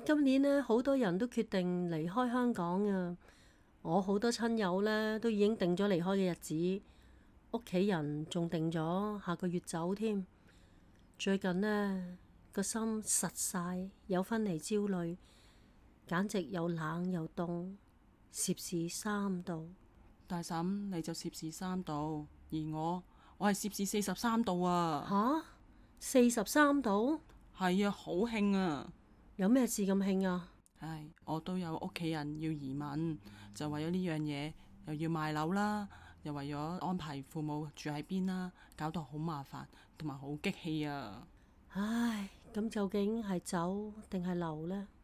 今年呢，好多人都決定離開香港啊！我好多親友呢，都已經定咗離開嘅日子，屋企人仲定咗下個月走添。最近呢，個心實晒，有分離焦慮，簡直又冷又凍，攝氏三度。大嬸，你就攝氏三度，而我我係攝氏四十三度啊！吓、啊，四十三度？係啊，好興啊！有咩事咁興啊？唉，我都有屋企人要移民，就為咗呢樣嘢，又要賣樓啦，又為咗安排父母住喺邊啦，搞到好麻煩，同埋好激氣啊！唉，咁究竟係走定係留呢？